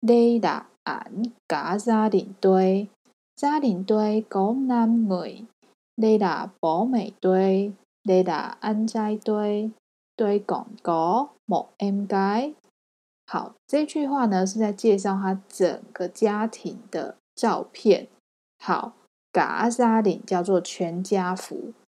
呢度影家下連對，家下堆對有五個人，呢度保美對，呢度安仔對，對講有冇應該？好，這句話呢是在介紹下整個家庭的照片。好，家下連叫做全家福。